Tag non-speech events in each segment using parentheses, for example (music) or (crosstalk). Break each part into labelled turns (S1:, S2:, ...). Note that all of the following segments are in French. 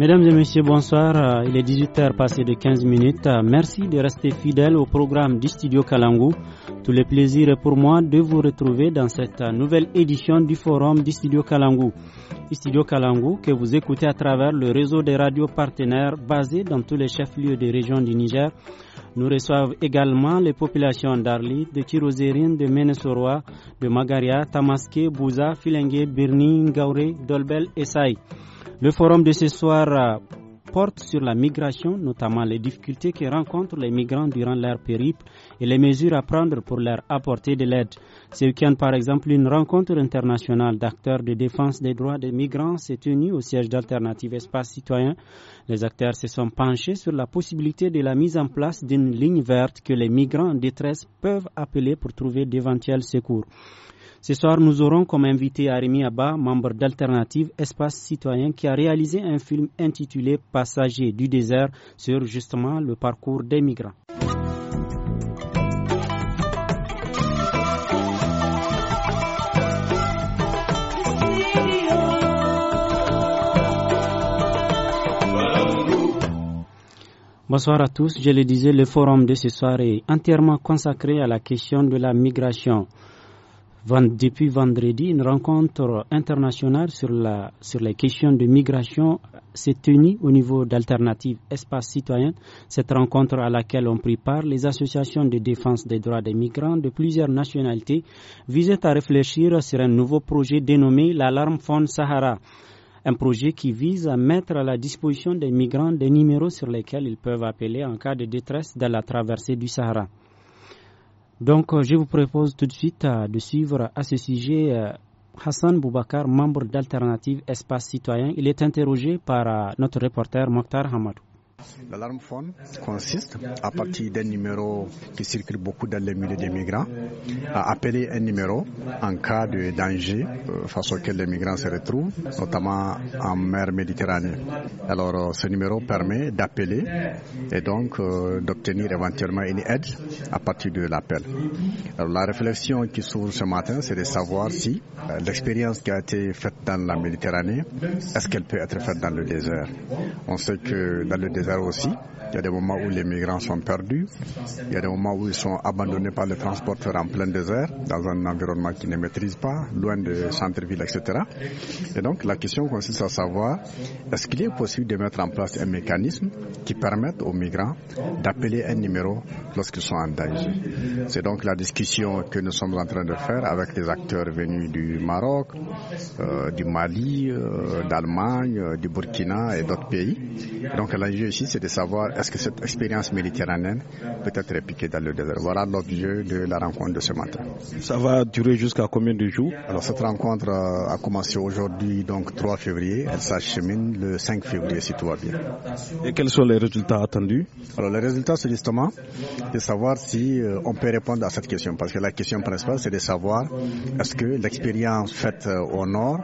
S1: Mesdames et messieurs, bonsoir. Euh, il est 18h passé de 15 minutes. Euh, merci de rester fidèle au programme du studio Kalangu. Tout le plaisir est pour moi de vous retrouver dans cette euh, nouvelle édition du forum du studio Kalangu. studio Kalangu que vous écoutez à travers le réseau des radios partenaires basés dans tous les chefs-lieux des régions du Niger. Nous reçoivent également les populations d'Arli, de Tirozérine, de Ménesoroa, de Magaria, Tamaské, Bouza, Filengue, Birni, Ngaure, Dolbel et Saï. Le forum de ce soir euh, porte sur la migration, notamment les difficultés que rencontrent les migrants durant leur périple et les mesures à prendre pour leur apporter de l'aide. Ce week-end, par exemple, une rencontre internationale d'acteurs de défense des droits des migrants s'est tenue au siège d'Alternative Espace Citoyens. Les acteurs se sont penchés sur la possibilité de la mise en place d'une ligne verte que les migrants en détresse peuvent appeler pour trouver d'éventuels secours. Ce soir, nous aurons comme invité Arimi Abba, membre d'Alternative Espace Citoyen, qui a réalisé un film intitulé Passager du désert sur justement le parcours des migrants. Bonsoir à tous. Je le disais, le forum de ce soir est entièrement consacré à la question de la migration depuis vendredi, une rencontre internationale sur, les questions de migration s'est tenue au niveau d'Alternative Espace Citoyen. Cette rencontre à laquelle ont pris part les associations de défense des droits des migrants de plusieurs nationalités visait à réfléchir sur un nouveau projet dénommé l'Alarme Fond Sahara un projet qui vise à mettre à la disposition des migrants des numéros sur lesquels ils peuvent appeler en cas de détresse dans la traversée du Sahara. Donc, euh, je vous propose tout de suite euh, de suivre euh, à ce sujet Hassan Boubakar, membre d'Alternative Espace Citoyen. Il est interrogé par notre reporter Mokhtar Hamadou.
S2: L'alarme phone consiste, à partir d'un numéro qui circule beaucoup dans les milieux des migrants, à appeler un numéro en cas de danger euh, face auquel les migrants se retrouvent, notamment en mer Méditerranée. Alors, euh, ce numéro permet d'appeler et donc euh, d'obtenir éventuellement une aide à partir de l'appel. la réflexion qui s'ouvre ce matin, c'est de savoir si l'expérience qui a été faite dans la Méditerranée, est-ce qu'elle peut être faite dans le désert On sait que dans le désert, aussi. Il y a des moments où les migrants sont perdus, il y a des moments où ils sont abandonnés par les transporteurs en plein désert, dans un environnement qu'ils ne maîtrisent pas, loin de centre-ville, etc. Et donc la question consiste à savoir, est-ce qu'il est possible de mettre en place un mécanisme qui permette aux migrants d'appeler un numéro lorsqu'ils sont en danger C'est donc la discussion que nous sommes en train de faire avec les acteurs venus du Maroc, euh, du Mali, euh, d'Allemagne, euh, du Burkina et d'autres pays. Donc l'enjeu c'est de savoir est-ce que cette expérience méditerranéenne peut être répliquée dans le désert. Voilà l'objet de la rencontre de ce matin.
S3: Ça va durer jusqu'à combien de jours
S2: Alors cette rencontre euh, a commencé aujourd'hui, donc 3 février. Elle s'achemine le 5 février,
S3: si tout va bien. Et quels sont les résultats attendus
S2: Alors les résultats, c'est justement de savoir si euh, on peut répondre à cette question. Parce que la question principale, c'est de savoir est-ce que l'expérience faite euh, au nord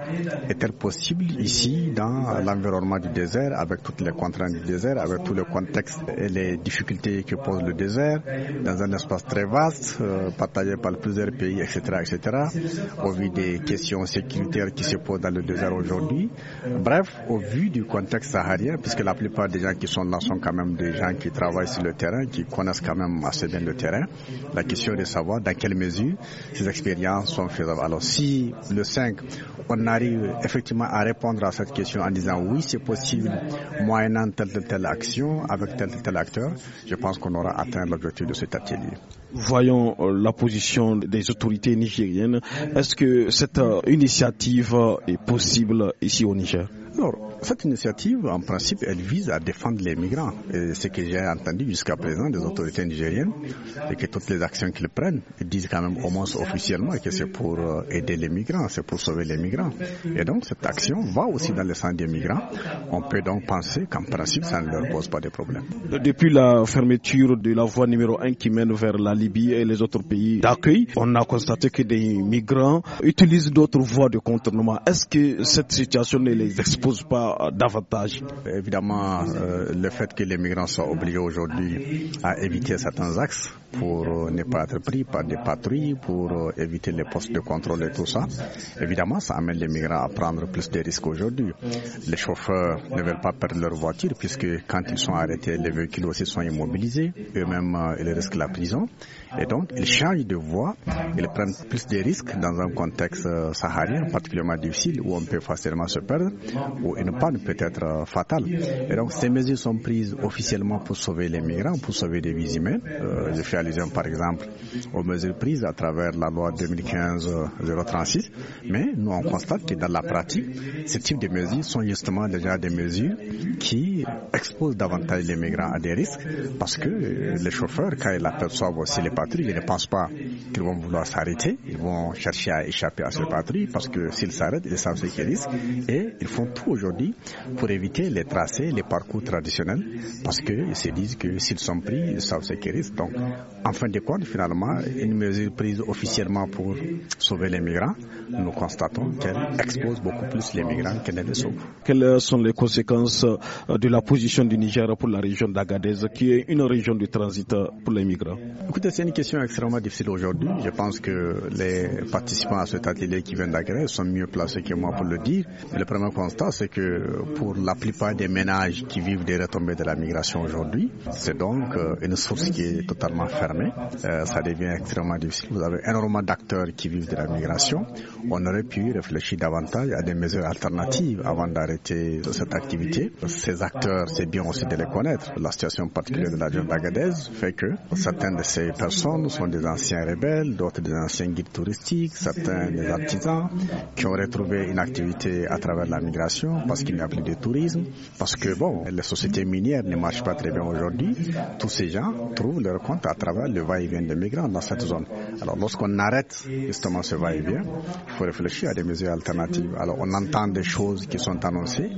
S2: est-elle possible ici, dans l'environnement du désert, avec toutes les contraintes du désert avec tout le contexte et les difficultés que pose le désert, dans un espace très vaste, euh, partagé par plusieurs pays, etc., etc., au vu des questions sécuritaires qui se posent dans le désert aujourd'hui. Bref, au vu du contexte saharien, puisque la plupart des gens qui sont là sont quand même des gens qui travaillent sur le terrain, qui connaissent quand même assez bien le terrain, la question est de savoir dans quelle mesure ces expériences sont faisables. Alors si le 5, on arrive effectivement à répondre à cette question en disant oui, c'est possible, moyennant ou tel action avec tel tel acteur, je pense qu'on aura atteint l'objectif de cet
S3: atelier. Voyons euh, la position des autorités nigériennes. Est-ce que cette euh, initiative euh, est possible ici au Niger? Cette initiative, en
S2: principe, elle vise à défendre les migrants. Et ce que j'ai entendu jusqu'à présent des autorités nigériennes, et que toutes les actions qu'ils prennent, ils disent quand même au moins officiellement que c'est pour euh, aider les migrants, c'est pour sauver les migrants. Et donc cette action va aussi dans le sens des migrants. On peut donc penser qu'en principe, ça ne leur pose pas de problème.
S3: Depuis la fermeture de la voie numéro 1 qui mène vers la Libye et les autres pays d'accueil, on a constaté que des migrants utilisent d'autres voies de contournement. Est-ce que cette situation ne les expose pas davantage,
S2: évidemment, euh, le fait que les migrants soient obligés aujourd'hui à éviter certains axes pour euh, ne pas être pris par des patrouilles, pour euh, éviter les postes de contrôle et tout ça. Évidemment, ça amène les migrants à prendre plus de risques aujourd'hui. Les chauffeurs ne veulent pas perdre leur voiture puisque quand ils sont arrêtés, les véhicules aussi sont immobilisés. Eux-mêmes, ils risquent la prison. Et donc, ils changent de voie, ils prennent plus de risques dans un contexte euh, saharien particulièrement difficile où on peut facilement se perdre, où une panne peut être euh, fatale. Et donc, ces mesures sont prises officiellement pour sauver les migrants, pour sauver des vies humaines. Euh, je fais allusion, par exemple, aux mesures prises à travers la loi 2015-036. Euh, Mais nous, on constate que dans la pratique, ce type de mesures sont justement déjà des mesures qui exposent davantage les migrants à des risques parce que les chauffeurs, quand ils aperçoivent aussi les ils ne pensent pas qu'ils vont vouloir s'arrêter. Ils vont chercher à échapper à ce patrie parce que s'ils s'arrêtent, ils savent ce qu'ils risquent. Et ils font tout aujourd'hui pour éviter les tracés, les parcours traditionnels parce qu'ils se disent que s'ils sont pris, ils savent ce qu'ils risquent. Donc, en fin de compte, finalement, une mesure prise officiellement pour sauver les migrants
S1: nous
S3: constatons qu'elle expose beaucoup plus les migrants qu'elle ne les sauve. Quelles sont les conséquences euh, de la position du Niger pour la région d'Agadez, qui est une région de transit euh, pour les migrants Écoutez, c'est une question extrêmement difficile aujourd'hui. Je pense que les participants à cet atelier qui viennent
S2: d'Agadez sont mieux placés que moi pour le dire. Le premier constat, c'est que pour la plupart des ménages qui vivent des retombées de la migration aujourd'hui, c'est donc euh, une source qui est totalement fermée. Ça devient extrêmement difficile. Vous avez énormément d'acteurs qui vivent de la migration on aurait pu réfléchir davantage à des mesures alternatives avant d'arrêter cette activité. Ces acteurs, c'est bien aussi de les connaître. La situation particulière de la région d'Agadez fait que certaines de ces personnes sont des anciens rebelles, d'autres des anciens guides touristiques, certains des artisans qui ont retrouvé une activité à travers la migration parce qu'il n'y a plus de tourisme, parce que bon, les sociétés minières ne marchent pas très bien aujourd'hui. Tous ces gens trouvent leur compte à travers le va-et-vient des migrants dans cette zone. Alors lorsqu'on arrête justement ce va-et-vient, faut réfléchir à des mesures alternatives. Alors on entend des choses qui sont annoncées,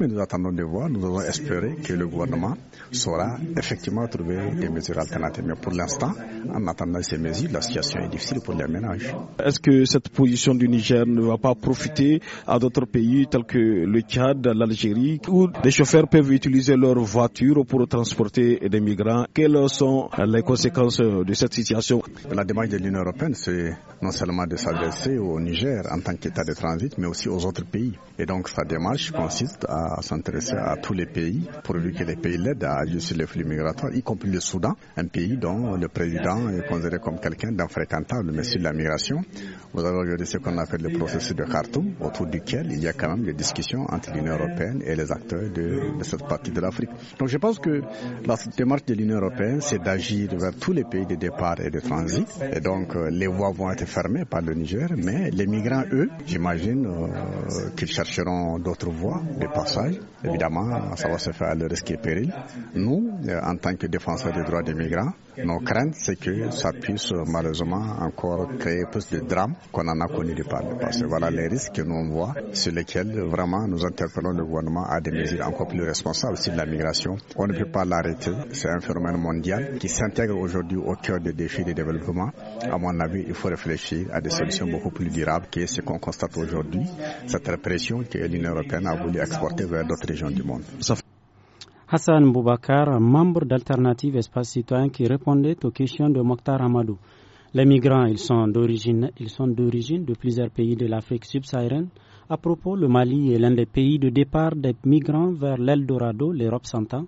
S2: mais nous attendons de voir, nous devons espérer que le gouvernement saura effectivement trouver des mesures alternatives. Mais pour l'instant, en attendant ces mesures, la situation est difficile pour les ménages.
S3: Est-ce que cette position du Niger ne va pas profiter à d'autres pays tels que le Tchad, l'Algérie, où les chauffeurs peuvent utiliser leurs voitures pour transporter des migrants Quelles sont les conséquences de cette situation La démarche de l'Union européenne, c'est non seulement de s'adresser au Niger, en
S2: tant qu'État de transit, mais aussi aux autres pays. Et donc sa démarche consiste à s'intéresser à tous les pays, pourvu que les pays l'aident à agir sur les flux migratoires, y compris le Soudan, un pays dont le président est considéré comme quelqu'un d'infréquentable, mais sur la migration. Vous avez regardé ce qu'on appelle le processus de Khartoum, autour duquel il y a quand même des discussions entre l'Union européenne et les acteurs de, de cette partie de l'Afrique. Donc je pense que la démarche de l'Union européenne, c'est d'agir vers tous les pays de départ et de transit. Et donc euh, les voies vont être fermées par le Niger, mais les les migrants, eux, j'imagine euh, qu'ils chercheront d'autres voies, de passage. Évidemment, ça va se faire à le risque et péril. Nous, euh, en tant que défenseurs des droits des migrants, nos craintes, c'est que ça puisse euh, malheureusement encore créer plus de drames qu'on en a connu du passé. Voilà les risques que nous on voit, sur lesquels vraiment nous interpellons le gouvernement à des mesures encore plus responsables sur la migration. On ne peut pas l'arrêter. C'est un phénomène mondial qui s'intègre aujourd'hui au cœur des défis de développement. À mon avis, il faut réfléchir à des solutions beaucoup plus durables qui est ce qu'on constate aujourd'hui, cette répression que l'Union européenne a voulu exporter vers d'autres régions du monde.
S1: Hassan Boubacar, membre d'Alternative Espace Citoyen qui répondait aux questions de Mokhtar Amadou. Les migrants, ils sont d'origine, ils sont d'origine de plusieurs pays de l'Afrique subsaharienne. À propos, le Mali est l'un des pays de départ des migrants vers l'Eldorado, l'Europe santa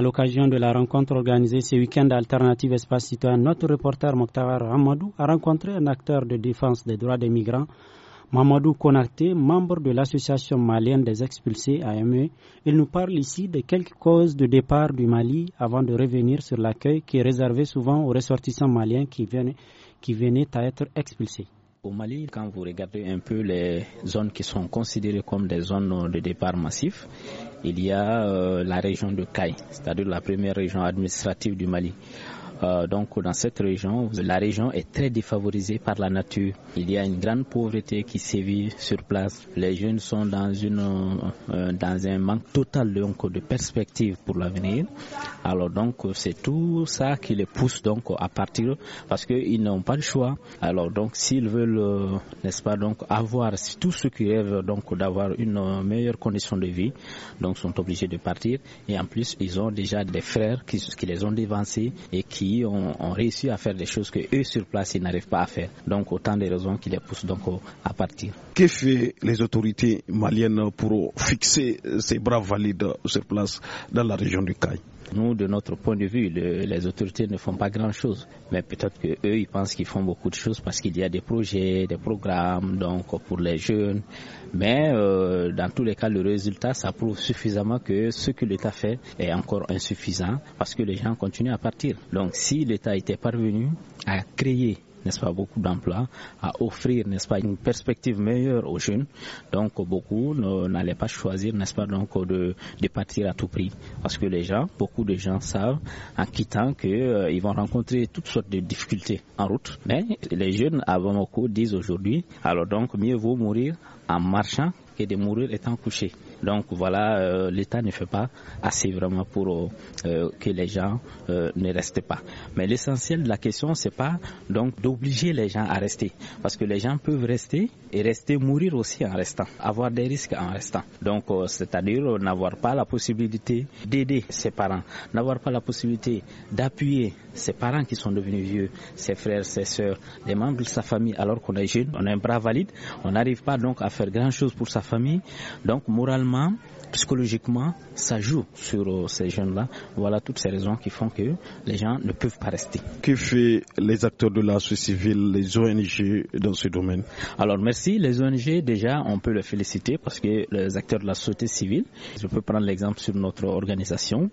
S1: à l'occasion de la rencontre organisée ce week-end à Alternative Espace Citoyen, notre reporter Mokhtar Ramadou a rencontré un acteur de défense des droits des migrants, Mamadou Konakte, membre de l'association malienne des expulsés AME. Il nous parle ici de quelques causes de départ du Mali avant de revenir sur l'accueil qui est réservé souvent aux ressortissants maliens qui venaient à être expulsés.
S4: Au Mali, quand vous regardez un peu les zones qui sont considérées comme des zones de départ massif, il y a euh, la région de Kai, c'est-à-dire la première région administrative du Mali. Euh, donc dans cette région, la région est très défavorisée par la nature. Il y a une grande pauvreté qui sévit sur place. Les jeunes sont dans, une, euh, dans un manque total donc, de perspectives pour l'avenir. Alors donc c'est tout ça qui les pousse donc à partir parce qu'ils n'ont pas le choix. Alors donc s'ils veulent, euh, n'est-ce pas, donc avoir tout ce qui rêvent donc d'avoir une meilleure condition de vie, donc sont obligés de partir. Et en plus ils ont déjà des frères qui, qui les ont dévancés et qui ont, réussi à faire des choses que eux sur place ils n'arrivent pas à faire. Donc autant de raisons qui les poussent donc à partir.
S3: Que fait les autorités maliennes pour fixer ces bras valides sur place dans la région
S4: du Caille nous, de notre point de vue, les autorités ne font pas grand-chose. Mais peut-être qu'eux, ils pensent qu'ils font beaucoup de choses parce qu'il y a des projets, des programmes, donc pour les jeunes. Mais euh, dans tous les cas, le résultat, ça prouve suffisamment que ce que l'État fait est encore insuffisant parce que les gens continuent à partir. Donc si l'État était parvenu à créer n'est-ce pas, beaucoup d'emplois, à offrir, n'est-ce pas, une perspective meilleure aux jeunes. Donc beaucoup n'allaient pas choisir, n'est-ce pas, donc de, partir à tout prix. Parce que les gens, beaucoup de gens savent en quittant qu'ils euh, vont rencontrer toutes sortes de difficultés en route. Mais les jeunes avant beaucoup disent aujourd'hui, alors donc mieux vaut mourir en marchant que de mourir étant couché. Donc voilà, euh, l'État ne fait pas assez vraiment pour euh, euh, que les gens ne restent pas. Mais l'essentiel de la question, c'est pas donc d'obliger les gens à rester, parce que les gens peuvent rester et rester mourir aussi en restant, avoir des risques en restant. Donc c'est-à-dire n'avoir pas la possibilité d'aider ses parents, n'avoir pas la possibilité d'appuyer ses parents qui sont devenus vieux, ses frères, ses sœurs, les membres de sa famille, alors qu'on est jeune, on a un bras valide, on n'arrive pas donc à faire grand chose pour sa famille. Donc moralement psychologiquement, ça joue sur euh, ces jeunes-là. Voilà toutes ces raisons qui font que les gens ne peuvent pas rester. Que fait les acteurs de la société civile, les ONG dans ce domaine Alors merci. Les ONG, déjà, on peut les féliciter parce que les acteurs de la société civile, je peux prendre l'exemple sur notre organisation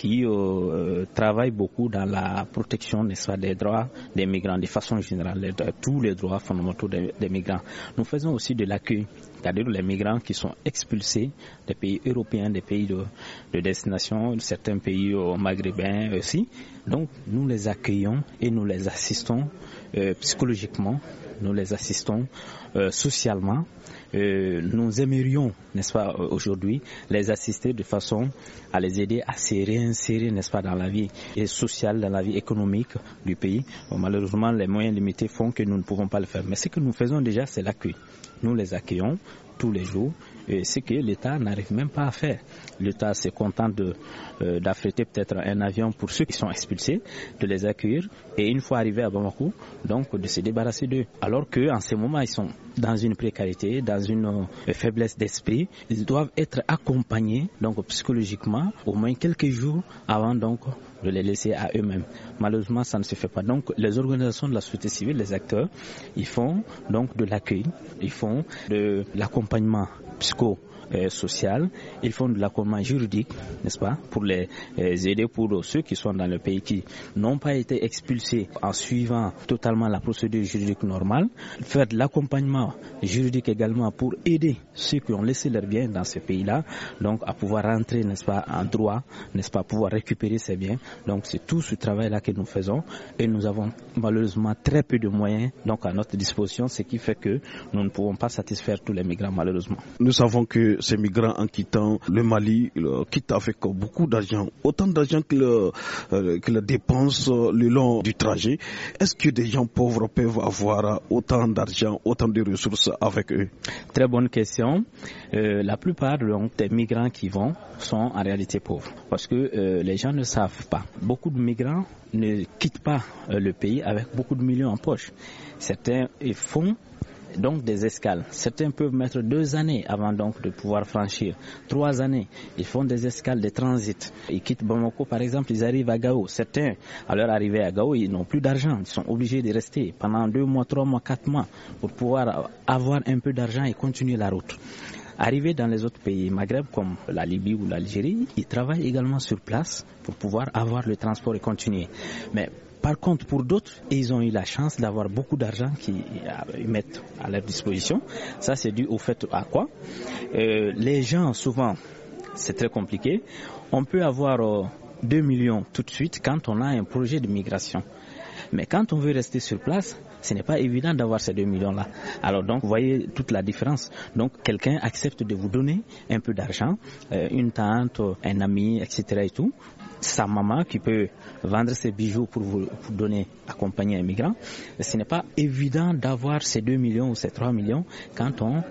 S4: qui euh, euh, travaillent beaucoup dans la protection des droits des migrants, de façon générale, tous les droits fondamentaux des, migrants. Nous faisons aussi de l'accueil, c'est-à-dire les migrants qui sont expulsés des pays européens, des pays de, destination, certains pays euh, maghrébins aussi. Donc nous les accueillons et nous les assistons euh, psychologiquement, nous les assistons socialement euh, nous aimerions, n'est-ce pas, aujourd'hui, les assister de façon à les aider à se réinsérer, n'est-ce pas, dans la vie sociale, dans la vie économique du pays. malheureusement, les moyens limités font que nous ne pouvons pas le faire. Mais ce que nous faisons déjà, c'est l'accueil. Nous les accueillons, tous les jours, et ce que l'État n'arrive même pas à faire. L'État se contente euh, d'affréter peut-être un avion pour ceux qui sont expulsés, de les accueillir, et une fois arrivés à Bamako, donc de se débarrasser d'eux. Alors qu'en ce moment, ils sont dans une précarité, dans une euh, faiblesse d'esprit. Ils doivent être accompagnés, donc psychologiquement, au moins quelques jours avant donc de les laisser à eux-mêmes. Malheureusement, ça ne se fait pas. Donc, les organisations de la société civile, les acteurs, ils font donc de l'accueil, ils font de l'accompagnement psycho euh, sociales, ils font de l'accompagnement juridique, n'est-ce pas, pour les euh, aider pour ceux qui sont dans le pays qui n'ont pas été expulsés en suivant totalement la procédure juridique normale, faire de l'accompagnement juridique également pour aider ceux qui ont laissé leurs biens dans ce pays-là, donc à pouvoir rentrer, n'est-ce pas, en droit, n'est-ce pas, pouvoir récupérer ses biens. Donc c'est tout ce travail-là que nous faisons et nous avons malheureusement très peu de moyens donc à notre disposition, ce qui fait que nous ne pouvons pas satisfaire tous les migrants malheureusement.
S3: Nous savons que ces migrants en quittant le Mali euh, quittent avec beaucoup d'argent, autant d'argent euh, qu'ils dépensent le long du trajet.
S4: Est-ce que des gens pauvres peuvent avoir autant d'argent, autant de ressources avec eux Très bonne question. Euh, la plupart des migrants qui vont sont en réalité pauvres parce que les gens ne savent pas. Beaucoup de migrants ne quittent pas le pays avec beaucoup de millions en poche. Certains font donc des escales. Certains peuvent mettre deux années avant donc de pouvoir franchir, trois années. Ils font des escales de transit. Ils quittent Bamako par exemple, ils arrivent à Gao. Certains, à leur arrivée à Gao, ils n'ont plus d'argent. Ils sont obligés de rester pendant deux mois, trois mois, quatre mois pour pouvoir avoir un peu d'argent et continuer la route. Arrivés dans les autres pays maghreb comme la Libye ou l'Algérie, ils travaillent également sur place pour pouvoir avoir le transport et continuer. Mais par contre, pour d'autres, ils ont eu la chance d'avoir beaucoup d'argent qu'ils euh, mettent à leur disposition. Ça, c'est dû au fait à quoi euh, Les gens, souvent, c'est très compliqué. On peut avoir 2 euh, millions tout de suite quand on a un projet de migration. Mais quand on veut rester sur place, ce n'est pas évident d'avoir ces 2 millions-là. Alors donc, vous voyez toute la différence. Donc, quelqu'un accepte de vous donner un peu d'argent, une tante, un ami, etc. et tout, sa maman qui peut vendre ses bijoux pour vous donner, accompagner un migrant. Ce n'est pas évident d'avoir ces 2 millions ou ces 3 millions quand on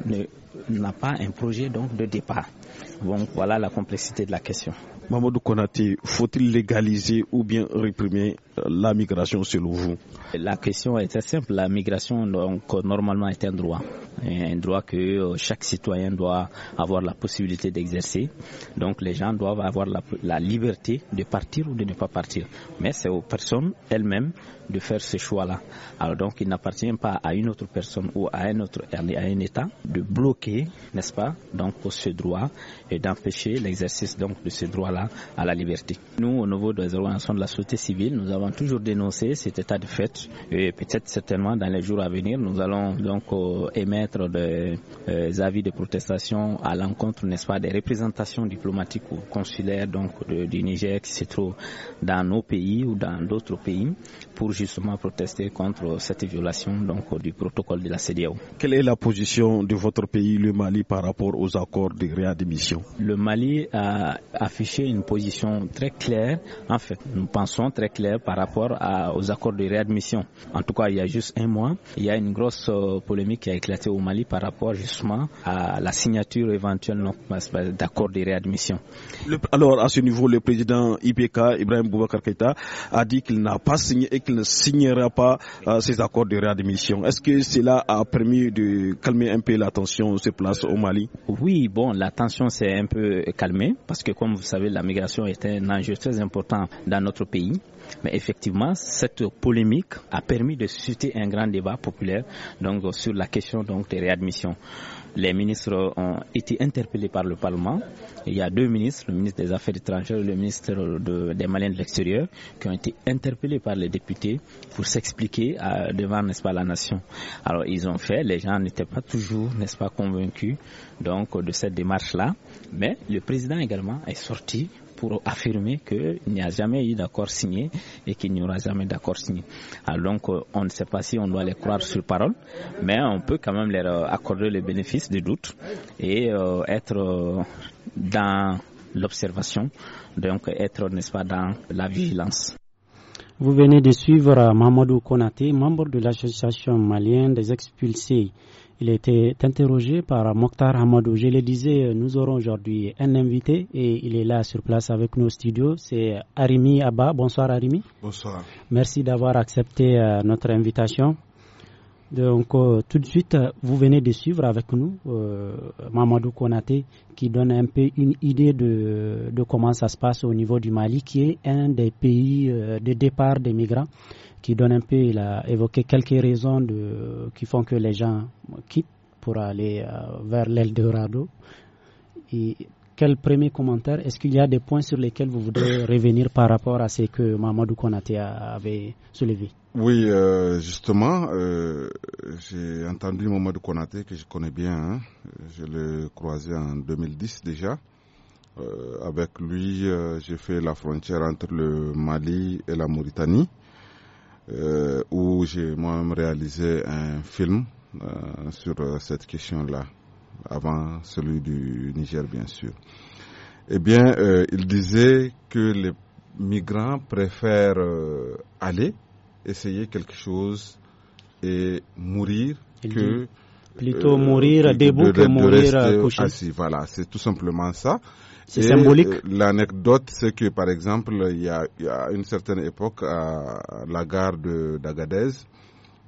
S4: n'a pas un projet de départ. voilà la complexité de la question. Mamadou Konati, faut-il légaliser ou bien réprimer euh, la migration selon vous La question est très simple. La migration, normalement, est un droit un droit que euh, chaque citoyen doit avoir la possibilité d'exercer. Donc les gens doivent avoir la, liberté de partir ou de ne pas partir. Mais c'est aux personnes elles-mêmes de faire ce choix-là. Alors donc il n'appartient pas à une autre personne ou à un autre à un État de bloquer, n'est-ce pas, donc ce droit et d'empêcher l'exercice donc de ce droit-là à la liberté. Nous au niveau des organisations de la société civile, nous avons toujours dénoncé cet état de fait et peut-être certainement dans les jours à venir, nous allons donc euh, émettre euh, des, avis de protestation à l'encontre, n'est-ce pas, des représentations diplomatiques ou consulaires donc du Niger qui se trouvent dans nos pays ou dans d'autres pays pour justement protester contre cette violation donc, du protocole de la CDAO.
S3: Quelle est la position de votre pays, le Mali, par rapport aux accords de réadmission
S4: Le Mali a affiché une position très claire, en fait, nous pensons très clair par rapport aux accords de réadmission. En tout cas, il y a juste un mois, il y a une grosse euh, polémique qui a éclaté au Mali par rapport justement à la signature éventuelle bah, bah, d'accords de réadmission.
S3: alors, à ce niveau, le président IPK, Ibrahim Boubacar Keïta, a dit qu'il n'a pas signé et ne signera pas euh, ces accords de réadmission. Est-ce que cela a permis de calmer un peu la
S4: tension sur place au Mali Oui, bon, la tension s'est un peu calmée parce que comme vous savez, la migration est un enjeu très important dans notre pays. Mais effectivement, cette polémique a permis de susciter un grand débat populaire donc, sur la question donc, des réadmissions. Les ministres ont été interpellés par le Parlement. Il y a deux ministres, le ministre des Affaires étrangères et le ministre des Maliens de l'extérieur, qui ont été interpellés par les députés pour s'expliquer euh, devant, n'est-ce pas, la nation. Alors ils ont fait, les gens n'étaient pas toujours, n'est-ce pas, convaincus donc de cette démarche-là. Mais le président également est sorti pour affirmer qu'il n'y a jamais eu d'accord signé et qu'il n'y aura jamais d'accord signé. Alors donc, euh, on ne sait pas si on doit les croire sur parole, mais on peut quand même leur euh, accorder les bénéfices du doute et être dans l'observation, donc être, n'est-ce pas, dans la vigilance.
S1: Vous venez de suivre Mamadou Konaté, membre de l'association malienne des expulsés. Il était interrogé par Mokhtar Hamadou. Je le disais, nous aurons aujourd'hui un invité et il est là sur place avec nos studios. C'est Arimi Abba. Bonsoir Arimi. Bonsoir. Merci d'avoir accepté euh, notre invitation. Donc, euh, tout de suite, vous venez de suivre avec nous euh, Mamadou Konate qui donne un peu une idée de, comment ça se passe au niveau du Mali, qui est un des pays euh, de départ des migrants, qui donne un peu, il a évoqué quelques raisons qui font que les gens quittent pour aller vers l'Eldorado. Et quel premier commentaire Est-ce qu'il y a des points sur lesquels vous voudrez (coughs) revenir par rapport à ce que Mamadou Konaté avait soulevé
S5: Oui, euh, justement, euh, j'ai entendu Mamadou Konaté, que je connais bien. Hein. Je l'ai croisé en 2010 déjà. Euh, avec lui, j'ai fait la frontière entre le Mali et la Mauritanie, où j'ai moi-même réalisé un film sur cette question-là avant celui du Niger bien sûr. Eh bien, euh, il disait que les migrants préfèrent euh, aller, essayer quelque chose et mourir que... Euh, plutôt mourir debout que mourir couché. Voilà, c'est tout simplement ça.
S1: C'est symbolique.
S5: L'anecdote, c'est que par exemple, il y, a, il y a une certaine époque à la gare d'Agadez,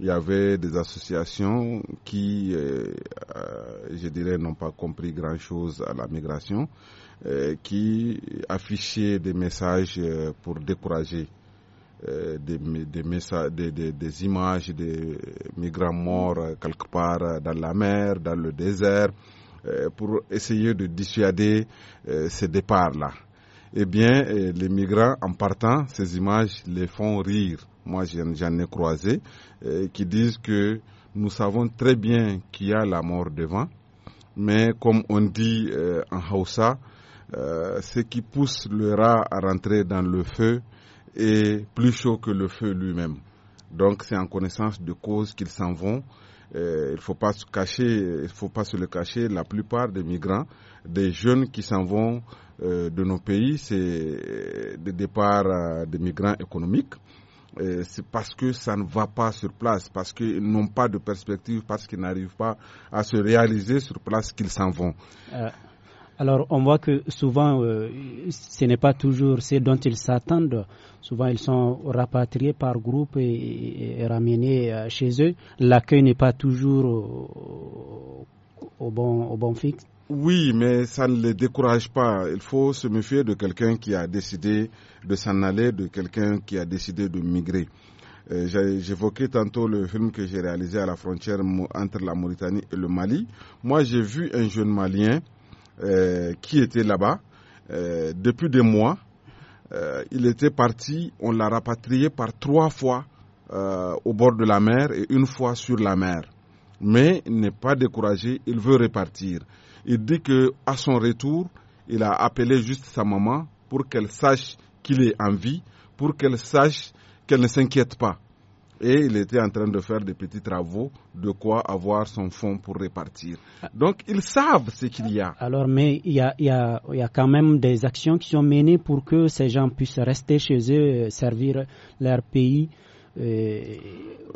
S5: il y avait des associations qui, euh, je dirais, n'ont pas compris grand-chose à la migration, euh, qui affichaient des messages euh, pour décourager. des, images des migrants morts quelque part dans la mer, dans le désert, pour essayer de dissuader ces départs-là. Eh bien, les migrants, en partant, ces images les font rire moi j'en ai croisé, euh, qui disent que nous savons très bien qu'il y a la mort devant, mais comme on dit euh, en Hausa, euh, ce qui pousse le rat à rentrer dans le feu est plus chaud que le feu lui-même. Donc c'est en connaissance de cause qu'ils s'en vont. il ne faut pas se faut pas se le cacher. La plupart des migrants, des jeunes qui s'en vont de nos pays, c'est des départs des migrants économiques euh, c'est parce que ça ne va pas sur place, parce qu'ils n'ont pas de perspective, parce qu'ils n'arrivent pas à se réaliser sur place qu'ils s'en vont.
S1: Euh, alors on voit que souvent, euh, ce n'est pas toujours ce dont ils s'attendent. Souvent, ils sont rapatriés par groupe et ramenés chez eux. L'accueil n'est pas toujours au bon, fixe
S5: oui, mais ça ne les décourage pas. Il faut se méfier de quelqu'un qui a décidé de s'en aller, de quelqu'un qui a décidé de migrer. Euh, j'évoquais tantôt le film que j'ai réalisé à la frontière entre la Mauritanie et le Mali. Moi, j'ai vu un jeune Malien euh, qui était là-bas euh, depuis des mois. il était parti, on l'a rapatrié par trois fois au bord de la mer et une fois sur la mer mais il n'est pas découragé, il veut repartir. Il dit que à son retour, il a appelé juste sa maman pour qu'elle sache qu'il est en vie, pour qu'elle sache qu'elle ne s'inquiète pas. Et il était en train de faire des petits travaux, de quoi avoir son fonds pour repartir. Donc ils savent ce qu'il y a.
S1: Alors, mais il y a, il y a, quand même des actions qui sont menées pour que ces gens puissent rester chez eux, servir leur pays. Euh,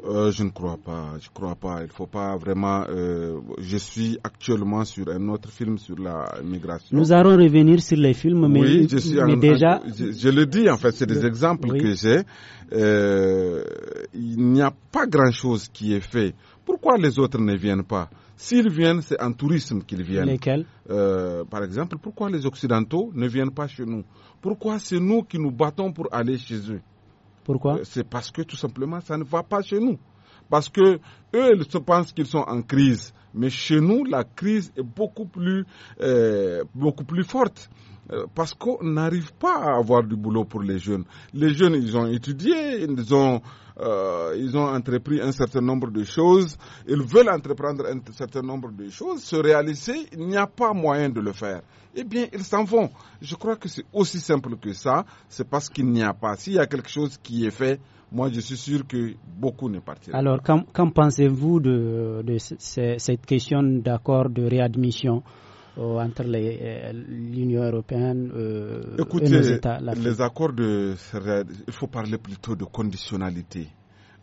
S5: euh, je ne crois pas. Je crois pas. Il faut pas vraiment. Euh, je suis actuellement sur un autre film sur la migration. Nous
S1: allons revenir sur les films, mais, je déjà.
S5: Je, le dis en fait, c'est des exemples que j'ai. il n'y a pas grand-chose qui est fait. Pourquoi les autres ne viennent pas S'ils viennent, c'est en tourisme qu'ils viennent. Lesquels Par exemple, pourquoi les Occidentaux ne viennent pas chez nous Pourquoi c'est nous qui nous battons pour aller chez eux pourquoi euh, C'est parce que tout simplement, ça ne va pas chez nous. Parce que eux, ils se pensent qu'ils sont en crise. Mais chez nous, la crise est beaucoup plus, euh, beaucoup plus forte euh, parce qu'on n'arrive pas à avoir du boulot pour les jeunes. Les jeunes, ils ont étudié, ils ont, euh, ils ont entrepris un certain nombre de choses, ils veulent entreprendre un certain nombre de choses, se réaliser, il n'y a pas moyen de le faire. Eh bien, ils s'en vont. Je crois que c'est aussi simple que ça, c'est parce qu'il n'y a pas. S'il y a quelque chose qui est fait, moi je suis sûr que
S1: beaucoup ne pas. Alors, qu'en pensez-vous de, cette question d'accord de réadmission euh, entre euh, l'Union européenne euh, et les États les
S5: accords de il faut parler plutôt de conditionnalité.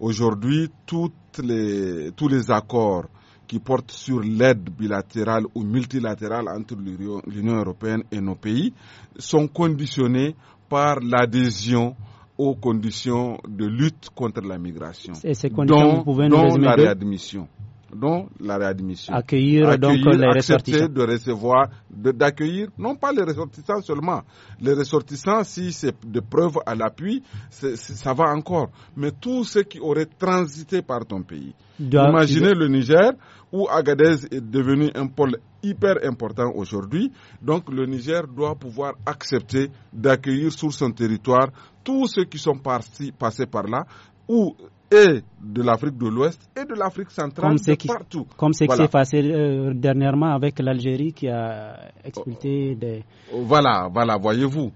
S5: Aujourd'hui, tous les accords qui portent sur l'aide bilatérale ou multilatérale entre l'Union européenne et nos pays sont conditionnés par l'adhésion aux conditions de lutte contre la migration,
S1: Et ces conditions, dont, la
S5: réadmission donc la réadmission. Accueillir, donc les ressortissants. de recevoir, d'accueillir, non pas les ressortissants seulement. Les ressortissants, si c'est de preuves à l'appui, ça va encore. Mais tous ceux qui auraient transité par ton pays. Imaginez le Niger, où Agadez est devenu un pôle hyper important aujourd'hui. Donc le Niger doit pouvoir accepter d'accueillir sur son territoire tous ceux qui sont partis, passés par là ou et de l'Afrique de l'Ouest
S1: et de l'Afrique centrale, partout. Comme ce qui s'est passé euh, dernièrement avec l'Algérie qui a expliqué oh. des...
S5: Voilà, voilà, voyez-vous,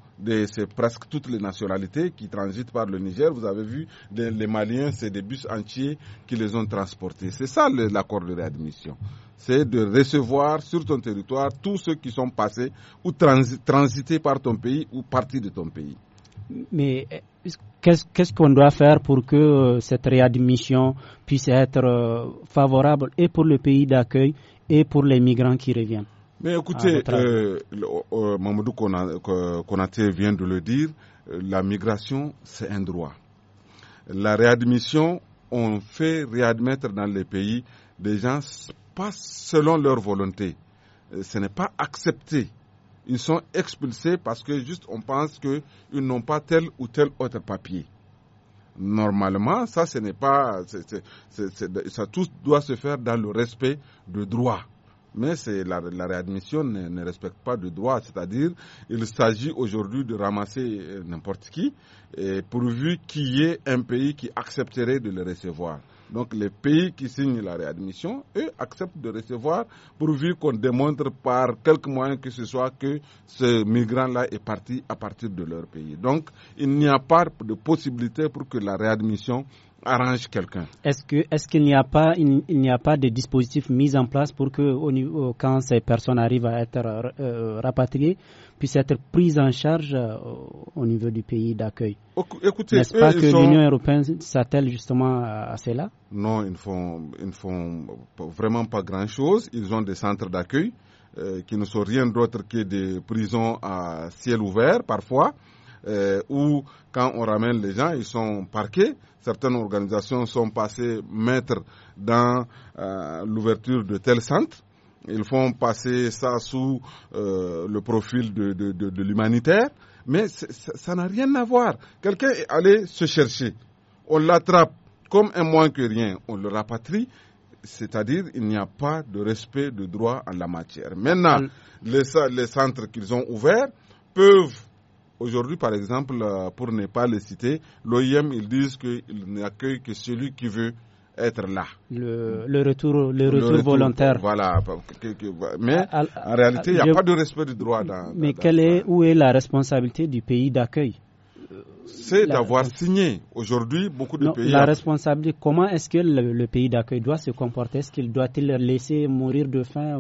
S5: c'est presque toutes les nationalités qui transitent par le Niger. Vous avez vu, les Maliens, c'est des bus entiers qui les ont transportés. C'est ça l'accord de réadmission c'est de recevoir sur ton territoire tous ceux qui sont passés ou transités par ton pays ou partis de ton pays.
S1: Mais euh, qu'est-ce qu'on doit faire pour que euh, cette réadmission puisse être euh, favorable et pour le pays d'accueil et pour les migrants qui reviennent
S5: Mais écoutez, oh, euh, Mamadou Konaté vient de le dire, la migration, c'est un droit. La réadmission, on fait réadmettre dans les pays des gens pas selon leur volonté. Euh, ce n'est pas accepté. Ils sont expulsés parce que juste on pense qu'ils n'ont pas tel ou tel autre papier. Normalement, ça, ce n'est pas. ça tout doit se faire dans le respect du droit. Mais la, la réadmission ne, ne, respecte pas de droit, c'est-à-dire il s'agit aujourd'hui de ramasser euh, n'importe qui, et pourvu qu'il y ait un pays qui accepterait de le recevoir. Donc les pays qui signent la réadmission, eux, acceptent de recevoir pourvu qu'on démontre par quelques moyens que ce soit que ce migrant-là est parti à partir de leur pays. Donc il n'y a pas de possibilité pour que la réadmission arrange quelqu'un.
S1: Est-ce que est-ce qu'il n'y a pas il, n'y a pas de dispositif mis en place pour que au niveau, quand ces personnes arrivent à être euh, euh, rapatriées puissent être prises en charge euh, au niveau du pays d'accueil Écoutez, n'est-ce pas que l'Union européenne s'attelle justement à cela
S5: Non, ils ne font ils font vraiment pas grand chose. Ils ont des centres d'accueil qui ne sont rien d'autre que des prisons à ciel ouvert parfois euh, où quand on ramène les gens, ils sont parqués. Certaines organisations sont passées mettre dans euh, l'ouverture de tels centres. Ils font passer ça sous euh, le profil de, de, de, de l'humanitaire. Mais ça n'a rien à voir. Quelqu'un est allé se chercher. On l'attrape comme un moins que rien. On le rapatrie c'est-à-dire il n'y a pas de respect de droit en la matière. Maintenant, mm. les, les centres qu'ils ont ouverts peuvent Aujourd'hui, par exemple, euh, pour ne pas les citer, l'OIM, ils disent qu'ils n'accueillent que celui qui veut être là.
S1: Le, retour, volontaire.
S5: Voilà. Mais en réalité, il n'y a pas de respect du droit. Dans,
S1: mais quelle est, où est la responsabilité du pays d'accueil
S5: C'est d'avoir signé. Aujourd'hui, beaucoup de pays. La
S1: responsabilité, comment est-ce que le, pays d'accueil doit se comporter Est-ce qu'il doit-il laisser mourir de faim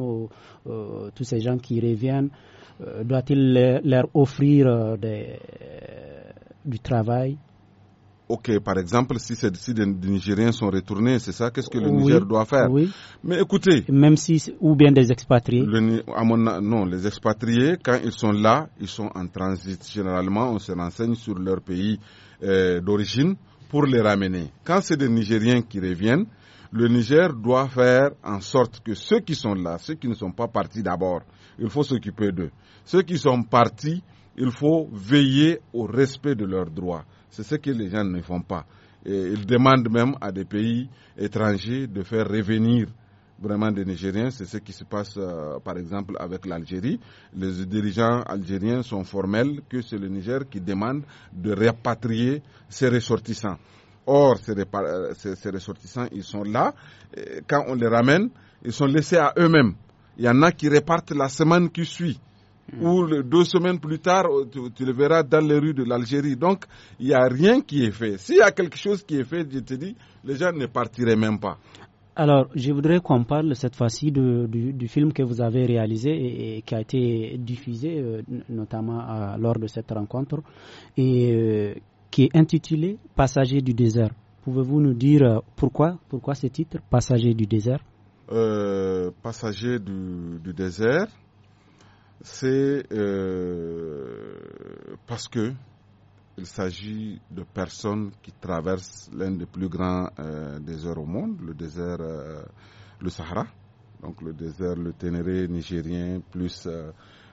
S1: tous ces gens qui reviennent euh, doit-il leur offrir euh, euh, du travail
S5: Ok, par exemple, si, des, Nigériens sont retournés, c'est ça, qu'est-ce que le Niger doit faire Oui.
S1: Mais écoutez. Même si, ou bien des
S5: expatriés Non, les expatriés, quand ils sont là, ils sont en transit. Généralement, on se renseigne sur leur pays d'origine pour les ramener. Quand c'est des Nigériens qui reviennent, le Niger doit faire en sorte que ceux qui sont là, ceux qui ne sont pas partis d'abord, il faut s'occuper d'eux. Ceux qui sont partis, il faut veiller au respect de leurs droits. C'est ce que les gens ne font pas. Et ils demandent même à des pays étrangers de faire revenir vraiment des Nigériens. C'est ce qui se passe, euh, par exemple, avec l'Algérie. Les dirigeants algériens sont formels que c'est le Niger qui demande de répatrier ses ressortissants. Or, ces, euh, ressortissants, ils sont là. quand on les ramène, ils sont laissés à eux-mêmes. Il y en a qui repartent la semaine qui suit. Hmm. ou deux semaines plus tard, euh, tu, les verras dans les rues de l'Algérie. Donc, il n'y a rien qui est fait. S'il y a quelque chose qui est fait, je te dis, les gens ne partiraient même pas.
S1: Alors, je voudrais qu'on parle cette fois-ci du, film que vous avez réalisé et, qui a été diffusé euh, notamment lors de cette rencontre et euh, qui est intitulé Passager du désert. Pouvez-vous nous dire euh, pourquoi, ce titre, Passager du désert
S5: Passager du désert, c'est parce que il s'agit de personnes qui traversent l'un des plus grands euh, déserts au monde, le désert, euh, le Sahara, donc le désert, le Ténéré nigérien, plus euh,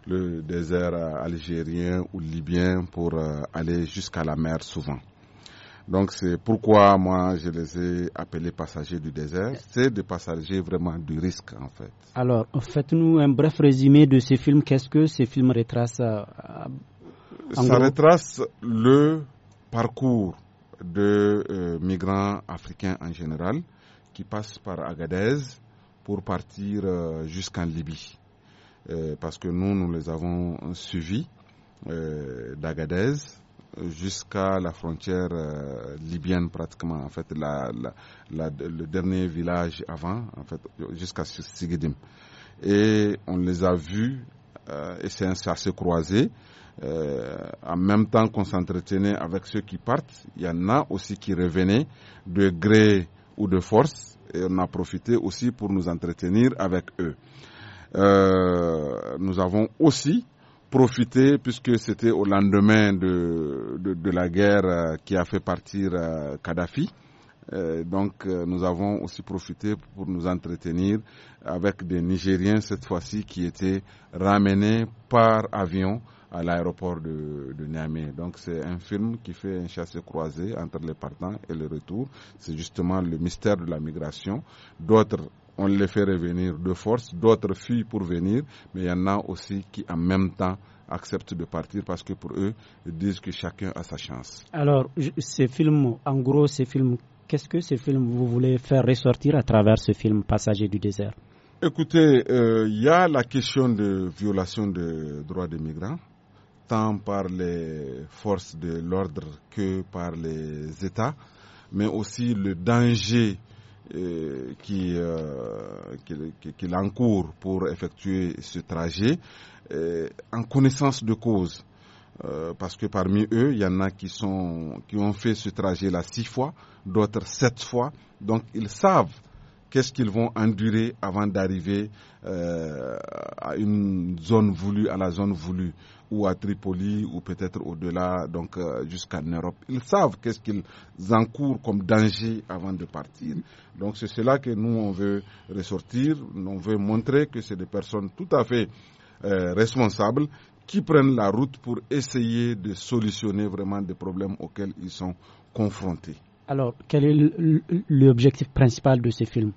S5: le désert algérien ou libyen pour aller jusqu'à la mer souvent. Donc c'est pourquoi moi je les ai appelés passagers du désert. C'est des passagers vraiment du risque en fait.
S1: Alors faites-nous un bref résumé de ces films. Qu'est-ce que ces films retracent ça
S5: retrace le parcours de euh, migrants africains en général qui passent par Agadez pour partir euh, jusqu'en Libye. Euh, parce que nous, nous les avons suivis d'Agadez jusqu'à la frontière libyenne pratiquement, en fait, la, la, le dernier village avant, en fait, jusqu'à Sigidim. Et on les a vus, et c'est se croiser. Euh, en même temps qu'on s'entretenait avec ceux qui partent, il y en a aussi qui revenaient de gré ou de force, et on a profité aussi pour nous entretenir avec eux. Euh, nous avons aussi profité, puisque c'était au lendemain de, la guerre euh, qui a fait partir Kadhafi, donc nous avons aussi profité pour nous entretenir avec des Nigériens cette fois-ci qui étaient ramenés par avion à l'aéroport de, de Niamey. Donc c'est un film qui fait un chassé-croisé entre les partants et le retour. C'est justement le mystère de la migration. D'autres on les fait revenir de force, d'autres fuient pour venir, mais il y en a aussi qui en même temps acceptent de partir parce que pour eux, ils disent que chacun a sa chance.
S1: Alors, ces films, en gros, ces films, qu'est-ce que ces films vous voulez faire ressortir à travers ce film Passager du désert
S5: Écoutez, euh, il y a la question de violation des droits des migrants par les forces de l'ordre que par les États, mais aussi le danger euh, qu'il euh, encourt pour effectuer ce trajet euh, en connaissance de cause. parce que parmi eux, il y en a qui, qui ont fait ce trajet-là six fois, d'autres sept fois. Donc ils savent qu'est-ce qu'ils vont endurer avant d'arriver à une zone voulue, à la zone voulue ou à Tripoli ou peut-être au-delà, donc euh, jusqu'en Europe. Ils savent qu'est-ce qu'ils encourent comme danger avant de partir. Donc c'est cela que nous, on veut ressortir, on veut montrer que c'est des personnes tout à fait euh, responsables qui prennent la route pour essayer de solutionner vraiment des problèmes auxquels ils sont confrontés.
S1: Alors, quel est l'objectif principal de ces films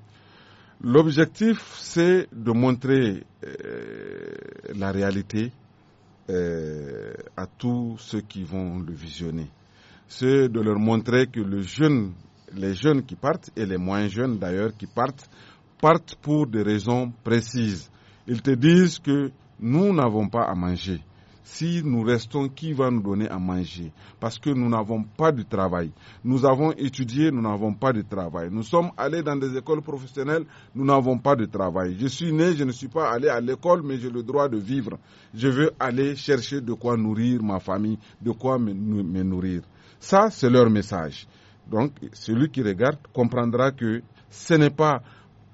S5: L'objectif, c'est de montrer euh, la réalité, euh, à tous ceux qui vont le visionner. C'est de leur montrer que les jeunes qui partent, et les moins jeunes d'ailleurs qui partent, partent pour des raisons précises. Ils te disent que nous n'avons pas à manger. Si nous restons, qui va nous donner à manger Parce que nous n'avons pas de travail. Nous avons étudié, nous n'avons pas de travail. Nous sommes allés dans des écoles professionnelles, nous n'avons pas de travail. Je suis né, je ne suis pas allé à l'école, mais j'ai le droit de vivre. Je veux aller chercher de quoi nourrir ma famille, de quoi me, nourrir. Ça, c'est leur message. Donc, celui qui regarde comprendra que ce n'est pas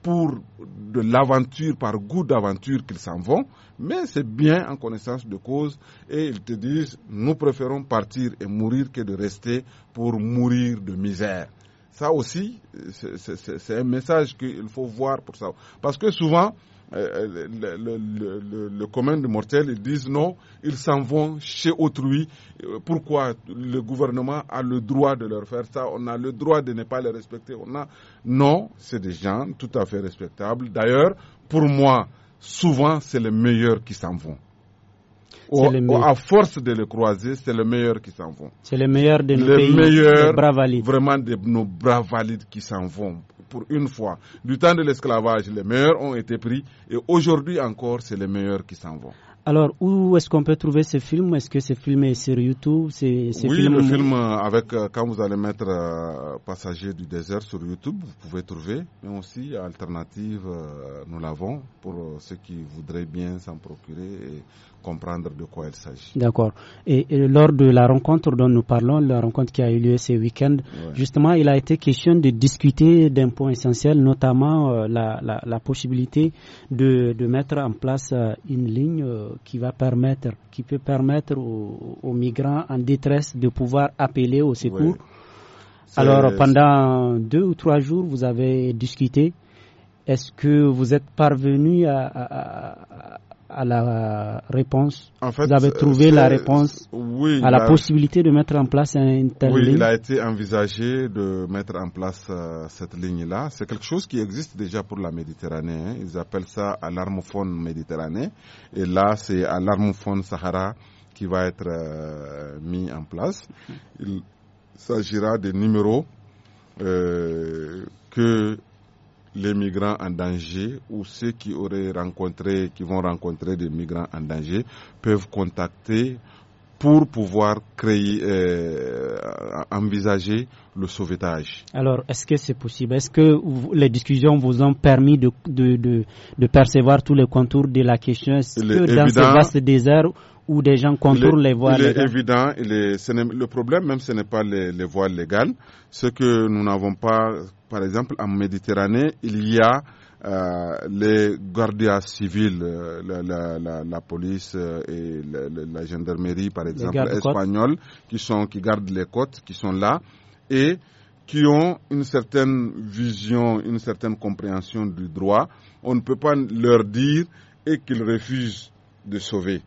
S5: pour de l'aventure, par goût d'aventure qu'ils s'en vont, mais c'est bien en connaissance de cause et ils te disent nous préférons partir et mourir que de rester pour mourir de misère. Ça aussi, c'est un message qu'il faut voir pour ça. Parce que souvent, euh, le, commun des mortel, ils disent non, ils s'en vont chez autrui. Euh, pourquoi le gouvernement a le droit de leur faire ça On a le droit de ne pas les respecter. On a non, c'est des gens tout à fait respectables. D'ailleurs, pour moi, souvent c'est les meilleurs qui s'en vont. à force de les croiser, c'est les meilleurs qui s'en vont.
S1: C'est les meilleurs de nos meilleurs, bras
S5: Vraiment de nos bras valides qui s'en vont pour une fois. Du temps de l'esclavage, les meilleurs ont été pris et aujourd'hui encore, c'est les meilleurs qui s'en vont.
S1: Alors, où est-ce qu'on peut trouver ce film Est-ce que ce film est sur YouTube Oui, le film
S5: euh, avec, euh, quand vous allez mettre euh, Passager du désert sur YouTube, vous pouvez trouver. Mais aussi, Alternative, nous l'avons pour ceux qui voudraient bien s'en procurer comprendre de quoi il s'agit.
S1: D'accord. Et, lors de la rencontre dont nous parlons, la rencontre qui a eu lieu ce week-end, justement, il a été question de discuter d'un point essentiel, notamment euh, la, possibilité de, mettre en place euh, une ligne euh, qui va permettre, qui peut permettre aux, migrants en détresse de pouvoir appeler au secours. Alors, pendant deux ou trois jours, vous avez discuté. Est-ce que vous êtes parvenu à, à la réponse. En fait, vous avez euh, trouvé la réponse à la, possibilité de mettre en place un tel oui, Il a
S5: été envisagé de mettre en place euh, cette ligne-là. C'est quelque chose qui existe déjà pour la Méditerranée. Hein. Ils appellent ça alarmophone Méditerranée. Et là, c'est alarmophone Sahara qui va être euh, mis en place. Il s'agira des numéros que les migrants en danger ou ceux qui auraient rencontré, qui vont rencontrer des migrants en danger peuvent contacter pour pouvoir créer, euh, envisager le sauvetage.
S1: Alors, est-ce que c'est possible Est-ce que les discussions vous ont permis de, percevoir tous les contours de la question dans ce vaste désert où des gens contournent les voies légales. Est
S5: évident, le problème même ce n'est pas les, voies légales, ce que nous n'avons pas, par exemple en Méditerranée, il y a euh, les gardiens civils, euh, la, police euh, et la, gendarmerie, par exemple, espagnole, qui, sont, qui gardent les côtes, qui sont là, et qui ont une certaine vision, une certaine compréhension du droit. On ne peut pas leur dire et qu'ils refusent de sauver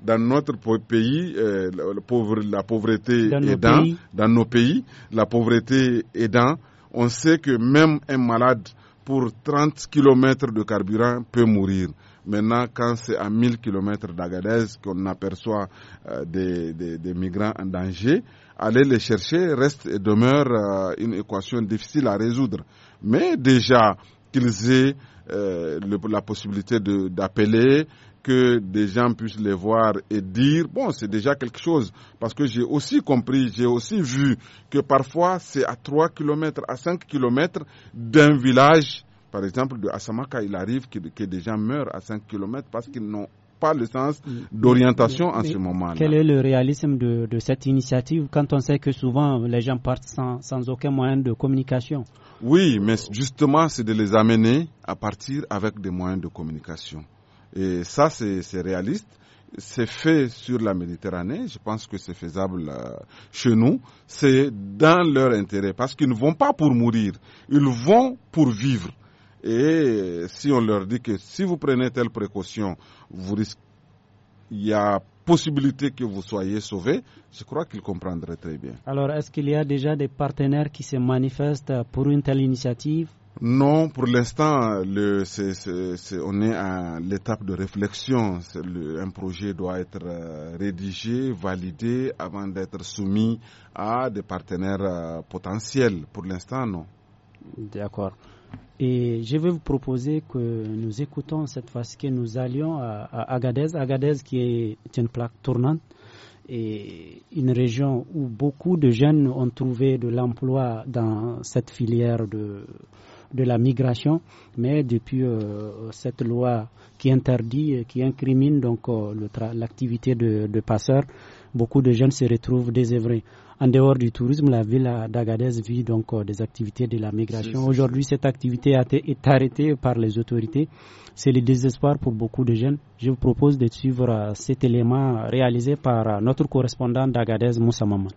S5: dans notre pays, euh, la, pauvreté dans aidant, dans nos pays, la pauvreté aidant, on sait que même un malade pour 30 km de carburant peut mourir. Maintenant, quand c'est à 1000 km d'Agadez qu'on aperçoit euh, des, des, des, migrants en danger, aller les chercher reste et demeure euh, une équation difficile à résoudre. Mais déjà qu'ils aient euh, la possibilité d'appeler, que des gens puissent les voir et dire, bon, c'est déjà quelque chose. Parce que j'ai aussi compris, j'ai aussi vu que parfois c'est à 3 km, à 5 km d'un village, par exemple de Asamaka, il arrive que, que des gens meurent à 5 km parce qu'ils n'ont pas le sens d'orientation en ce moment. -là. Quel
S1: est le réalisme de, de, cette initiative quand on sait que souvent les gens partent sans, sans aucun moyen de communication Oui,
S5: mais justement, c'est de les amener à partir avec des moyens de communication. Et ça, c'est réaliste. C'est fait sur la Méditerranée, je pense que c'est faisable euh, chez nous, c'est dans leur intérêt, parce qu'ils ne vont pas pour mourir, ils vont pour vivre. Et si on leur dit que si vous prenez telle précaution, vous il y a possibilité que vous soyez sauvé, je crois qu'ils comprendraient très bien.
S1: Alors, est-ce qu'il y a déjà des partenaires qui se manifestent pour une telle initiative
S5: non, pour l'instant, on est à l'étape de réflexion. un projet doit être euh, rédigé, validé avant d'être soumis à des partenaires euh, potentiels. Pour l'instant, non.
S1: D'accord. Et je vais vous proposer que nous écoutons cette fois que nous allions à Agadez. Agadez qui est une plaque tournante et une région où beaucoup de jeunes ont trouvé de l'emploi dans cette filière de, de la migration. Mais depuis euh, cette loi qui interdit, qui incrimine donc euh, l'activité de, passeurs, beaucoup de jeunes se retrouvent désœuvrés. En dehors du tourisme, la ville d'Agadez vit donc euh, des activités de la migration. Aujourd'hui, cette activité est arrêtée par les autorités. C'est le désespoir pour beaucoup de jeunes. Je vous propose de suivre cet élément réalisé par notre correspondant d'Agadez, Moussa Maman.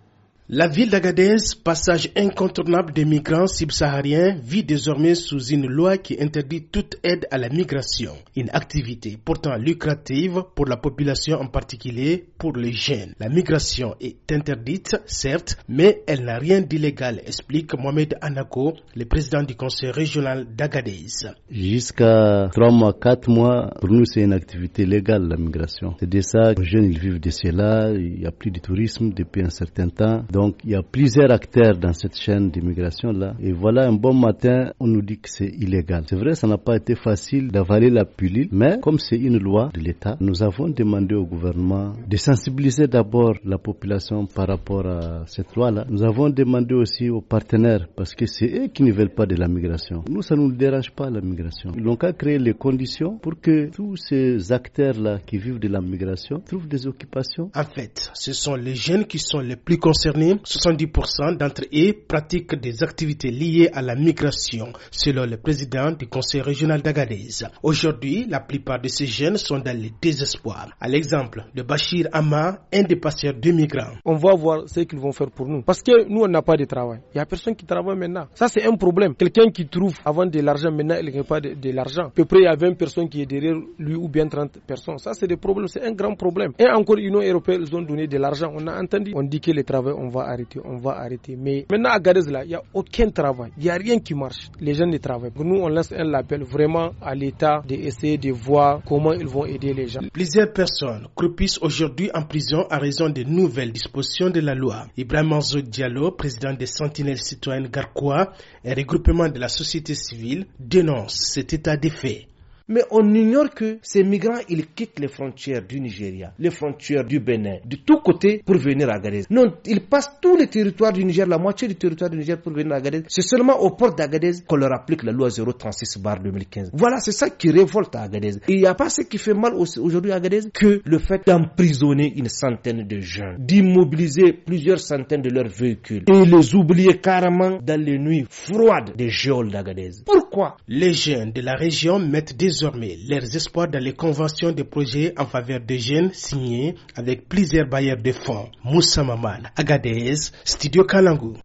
S6: La ville d'Agadez, passage incontournable des migrants subsahariens, vit désormais sous une loi qui interdit toute aide à la migration, une activité pourtant lucrative pour la population en particulier pour les jeunes. La migration est interdite, certes, mais elle n'a rien d'illégal, explique Mohamed Anako, le président du conseil régional d'Agadez.
S1: Jusqu'à 3 mois, 4 mois, pour nous c'est une activité légale la migration. C'est de ça, les jeunes ils vivent de cela, il n'y a plus de tourisme depuis un certain temps. Donc il y a plusieurs acteurs dans cette chaîne d'immigration-là. Et voilà, un bon matin, on nous dit que c'est illégal. C'est vrai, ça n'a pas été facile d'avaler la pilule, mais comme c'est une loi de l'État, nous avons demandé au gouvernement de sensibiliser d'abord la population par rapport à cette loi-là. Nous avons demandé aussi aux partenaires, parce que c'est eux qui ne veulent pas de la migration. Nous, ça ne nous dérange pas la migration. Ils n'ont qu'à créer les conditions pour que tous ces
S6: acteurs-là qui vivent de la migration trouvent des occupations. En fait, ce sont les jeunes qui sont les plus concernés 70% d'entre eux pratiquent des activités liées à la migration, selon le président du conseil régional d'Agadez. Aujourd'hui, la plupart de ces jeunes sont dans le désespoir. À l'exemple de Bachir Ama, un des passeurs de migrants. On va voir ce qu'ils vont faire pour nous. Parce que nous, on n'a pas de travail. Il n'y a personne qui travaille maintenant. Ça, c'est un problème. Quelqu'un qui trouve avant de l'argent, maintenant, il n'a pas de, l'argent. peu près, il y a 20 personnes qui est derrière lui ou bien 30 personnes. Ça, c'est des problèmes. C'est un grand problème. Et encore, l'Union européenne, ils ont donné de l'argent. On a entendu. On dit que les travailleurs, on on va arrêter, on va arrêter. Mais maintenant à Gadez, il n'y a aucun travail. Il n'y a rien qui marche. Les gens ne travaillent pas. Nous, on lance un label vraiment à l'État d'essayer de voir comment ils vont aider les gens. Plusieurs personnes croupissent aujourd'hui en prison à raison des nouvelles dispositions de la loi. Ibrahim Anzo Diallo, président des Sentinelles citoyennes Garquois, un regroupement de la société civile, dénonce cet état des faits. Mais on ignore que ces migrants, ils quittent les frontières du Nigeria, les frontières du Bénin, de tous côtés pour venir à Agadez. Non, ils passent tous les territoires du Niger, la moitié du territoire du Niger pour venir à Agadez. C'est seulement aux portes d'Agadez qu'on leur applique la loi 036 2015. Voilà, c'est ça qui révolte à Agadez. Il n'y a pas ce qui fait mal aujourd'hui à Agadez que le fait d'emprisonner une centaine de jeunes, d'immobiliser plusieurs centaines de leurs véhicules et les oublier carrément dans les nuits froides des geôles d'Agadez. Pourquoi Les jeunes de la région mettent des désormais leurs espoirs dans les conventions de projets en faveur des jeunes signés avec plusieurs bailleurs de fonds, Moussa Maman, Agadez, Studio Kalangu.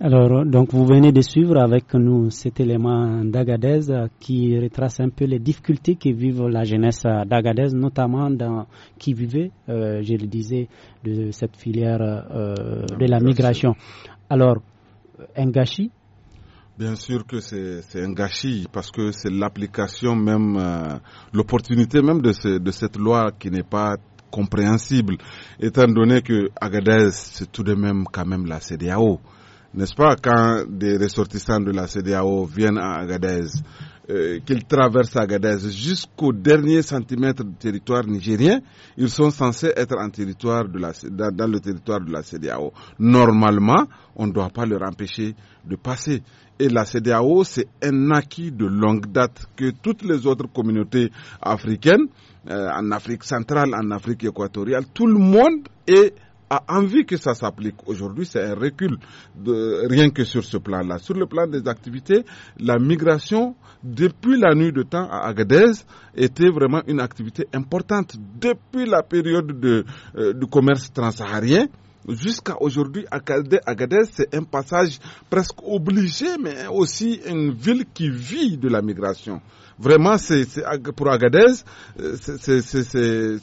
S1: Alors, donc vous venez de suivre avec nous cet élément d'Agadez qui retrace un peu les difficultés que vivent la jeunesse d'Agadez, notamment dans, qui vivait, euh, je le disais, de cette filière euh, de la migration. Alors, un
S5: Bien sûr que c'est un gâchis parce que c'est l'application même, euh, l'opportunité même de, cette loi qui n'est pas compréhensible, étant donné que Agadez, c'est tout de même quand même la CDAO. N'est-ce pas quand des ressortissants de la CDAO viennent à Agadez, euh, qu'ils traversent Agadez jusqu'au dernier centimètre du territoire nigérien, ils sont censés être en territoire de la, dans, le territoire de la CDAO. Normalement, on ne doit pas leur empêcher de passer et la CDAO, c'est un acquis de longue date que toutes les autres communautés africaines, euh, en Afrique centrale, en Afrique équatoriale, tout le monde a envie que ça s'applique. Aujourd'hui, c'est un recul rien que sur ce plan-là. Sur le plan des activités, la migration, depuis la nuit de temps à Agadez, était vraiment une activité importante. Depuis la période euh, du commerce transsaharien, jusqu'à aujourd'hui, Agadez, c'est un passage presque obligé, mais aussi une ville qui vit de la migration. Vraiment, c'est pour Agadez, euh,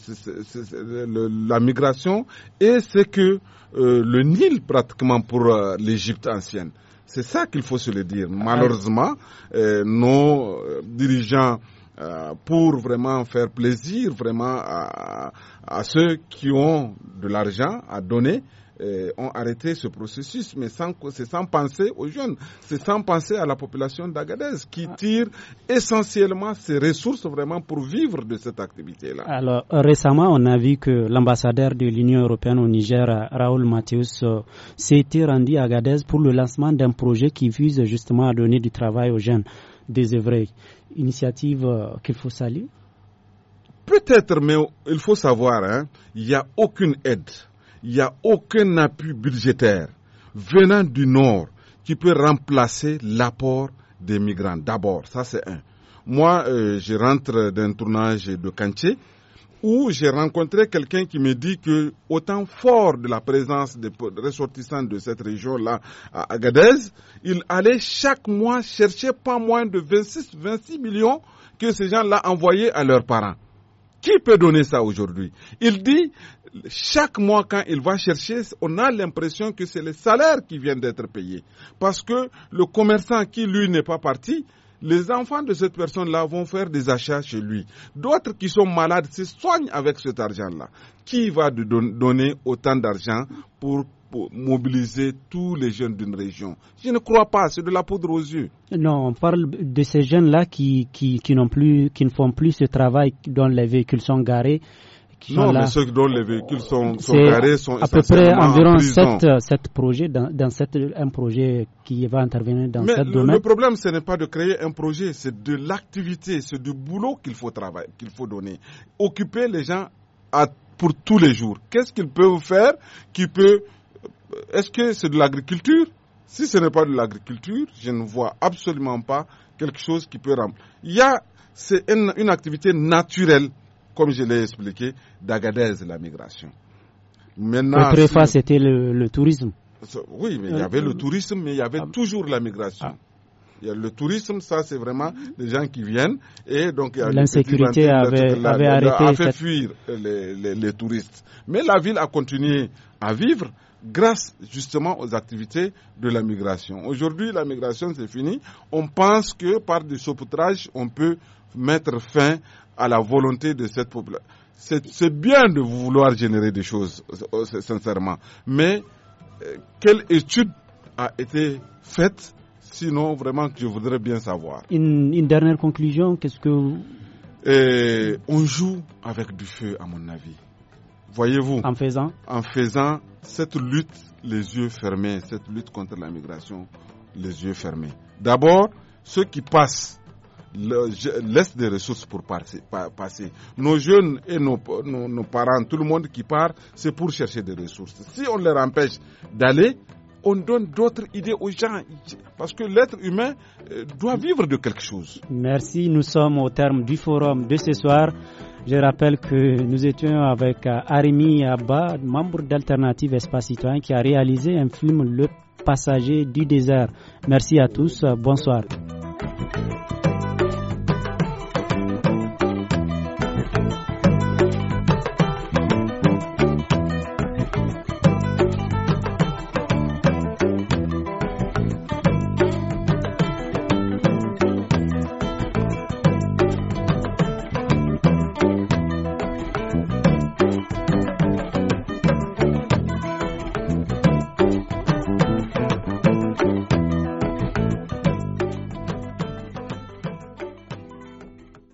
S5: la migration et c'est que euh, le Nil pratiquement pour euh, l'Égypte ancienne. C'est ça qu'il faut se le dire. Malheureusement, nos dirigeants euh, pour vraiment faire plaisir vraiment à, ceux qui ont de l'argent à donner euh, ont arrêté ce processus, mais c'est sans penser aux jeunes, c'est sans penser à la population d'Agadez qui ah. tire essentiellement ses ressources vraiment pour vivre de cette activité-là.
S1: Alors récemment, on a vu que l'ambassadeur de l'Union européenne au Niger, Raoul Mathius, euh, s'était rendu à Agadez pour le lancement d'un projet qui vise justement à donner du travail aux jeunes des œuvres. Initiative euh, qu'il faut saluer
S5: Peut-être, mais il faut savoir, hein, il n'y a aucune aide, il n'y a aucun appui budgétaire venant du Nord qui peut remplacer l'apport des migrants. D'abord, ça c'est un. Moi, euh, je rentre d'un tournage de Cantier où j'ai rencontré quelqu'un qui me dit que autant fort de la présence des ressortissants de cette région-là à Agadez, il allait chaque mois chercher pas moins de 26, 26 millions que ces gens-là envoyaient à leurs parents. Qui peut donner ça aujourd'hui Il dit, chaque mois quand il va chercher, on a l'impression que c'est les salaires qui viennent d'être payés. Parce que le commerçant qui, lui, n'est pas parti, les enfants de cette personne-là vont faire des achats chez lui. D'autres qui sont malades se soignent avec cet argent-là. Qui va donner autant d'argent pour mobiliser tous les jeunes d'une région. Je ne crois pas, c'est de la poudre aux yeux.
S1: Non, on parle de ces jeunes-là qui, qui, qui n'ont plus, qui ne font plus ce travail dont les véhicules sont garés non, mais ceux
S5: dont les véhicules sont, sont garés sont à peu près environ sept, 7,
S1: euh, projets, dans, dans un projet qui va intervenir dans cette le, Le
S5: problème, ce n'est pas de créer un projet, c'est de l'activité, c'est du boulot qu'il faut travailler, qu'il faut donner. Occuper les gens à, pour tous les jours. Qu'est-ce qu'ils peuvent faire qui peut euh, est-ce que c'est de l'agriculture Si ce n'est pas de l'agriculture, je ne vois absolument pas quelque chose qui peut remplir. Il y a, c'est une activité naturelle comme je l'ai expliqué, d'Agadez, la migration. Maintenant, le préface,
S1: c'était le, tourisme.
S5: Oui, mais il y avait le tourisme, mais il y avait ah. toujours la migration. Ah. le tourisme, ça c'est vraiment les gens qui viennent et donc l'insécurité avait, la, avait a fait fuir les, les, touristes. Mais la ville a continué à vivre grâce justement aux activités de la migration. Aujourd'hui, la migration c'est fini. On pense que par du sauvetage, on peut mettre fin à la volonté de cette population. C'est bien de vouloir générer des choses, euh, sincèrement. Mais euh, quelle étude a été faite Sinon, vraiment, je voudrais
S1: bien savoir. Une, dernière conclusion, qu'est-ce que
S5: on joue avec du feu, à mon avis. Voyez-vous En faisant En faisant cette lutte, les yeux fermés, cette lutte contre la migration, les yeux fermés. D'abord, ceux qui passent laisse des ressources pour passer. Nos jeunes et nos, parents, tout le monde qui part, c'est pour chercher des ressources. Si on leur empêche d'aller, on donne d'autres idées aux gens. Parce que l'être humain euh, doit vivre de quelque chose.
S1: Merci. Nous sommes au terme du forum de ce soir. Je rappelle que nous étions avec euh, Arimi Abba, membre d'Alternative Espace Citoyen, qui a réalisé un film Le passager du désert. Merci à tous. Euh, bonsoir.